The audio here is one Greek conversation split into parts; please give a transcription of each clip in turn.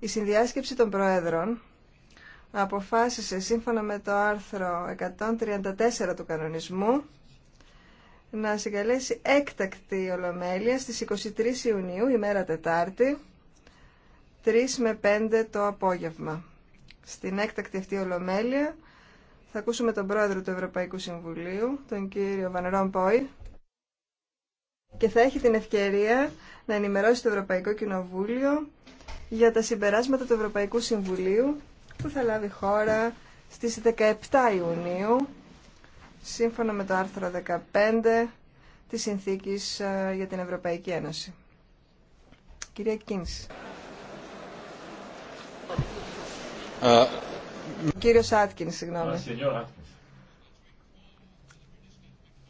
η συνδιάσκεψη των Προέδρων αποφάσισε σύμφωνα με το άρθρο 134 του κανονισμού να συγκαλέσει έκτακτη ολομέλεια στις 23 Ιουνίου, ημέρα Τετάρτη, 3 με 5 το απόγευμα. Στην έκτακτη αυτή ολομέλεια θα ακούσουμε τον πρόεδρο του Ευρωπαϊκού Συμβουλίου, τον κύριο Βαν Ρόμποϊ, και θα έχει την ευκαιρία να ενημερώσει το Ευρωπαϊκό Κοινοβούλιο για τα συμπεράσματα του Ευρωπαϊκού Συμβουλίου που θα λάβει χώρα στις 17 Ιουνίου σύμφωνα με το άρθρο 15 της Συνθήκης ε, για την Ευρωπαϊκή Ένωση. Κυρία Κίνς. Uh, Κύριος Άτκινς, συγγνώμη.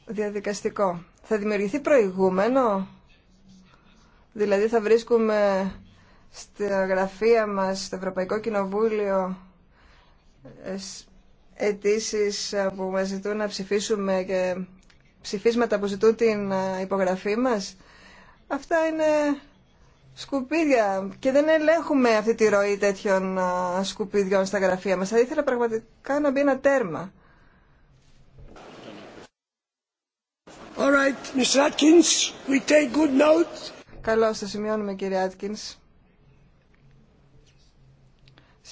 Διαδικαστικό. Θα δημιουργηθεί προηγούμενο. Δηλαδή θα βρίσκουμε Στη γραφεία μας, στο Ευρωπαϊκό Κοινοβούλιο, αιτήσει ε, που μας ζητούν να ψηφίσουμε και ψηφίσματα που ζητούν την ε, υπογραφή μας. Αυτά είναι σκουπίδια και δεν ελέγχουμε αυτή τη ροή τέτοιων ε, σκουπίδιων στα γραφεία μας. Θα ήθελα πραγματικά να μπει ένα τέρμα. All right, Atkins, we take good note. Καλώς, το σημειώνουμε κύριε Άτκινς.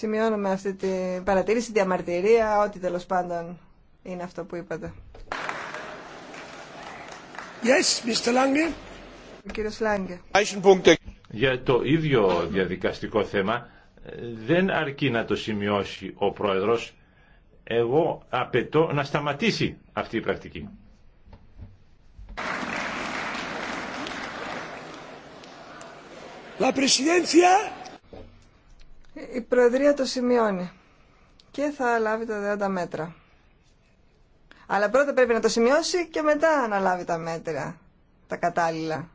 Σημειώνουμε αυτή την παρατήρηση, διαμαρτυρία, ό,τι τέλος πάντων είναι αυτό που είπατε. Yes, Mr. Lange. Ο κύριος Για το ίδιο διαδικαστικό θέμα δεν αρκεί να το σημειώσει ο Πρόεδρος. Εγώ απαιτώ να σταματήσει αυτή η πρακτική. La presidencia η Προεδρία το σημειώνει και θα λάβει τα δέοντα μέτρα. Αλλά πρώτα πρέπει να το σημειώσει και μετά να λάβει τα μέτρα, τα κατάλληλα.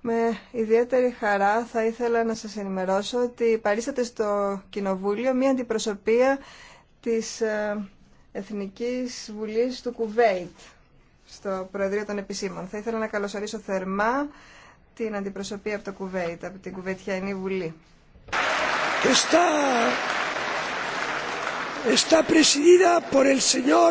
Με ιδιαίτερη χαρά θα ήθελα να σας ενημερώσω ότι παρίσατε στο Κοινοβούλιο μία αντιπροσωπεία της ε, Εθνικής Βουλής του Κουβέιτ στο Προεδρείο των Επισήμων. Θα ήθελα να καλωσορίσω θερμά την αντιπροσωπεία από το Κουβέιτ, από την Κουβετιανή Βουλή. Está, presidida por el señor...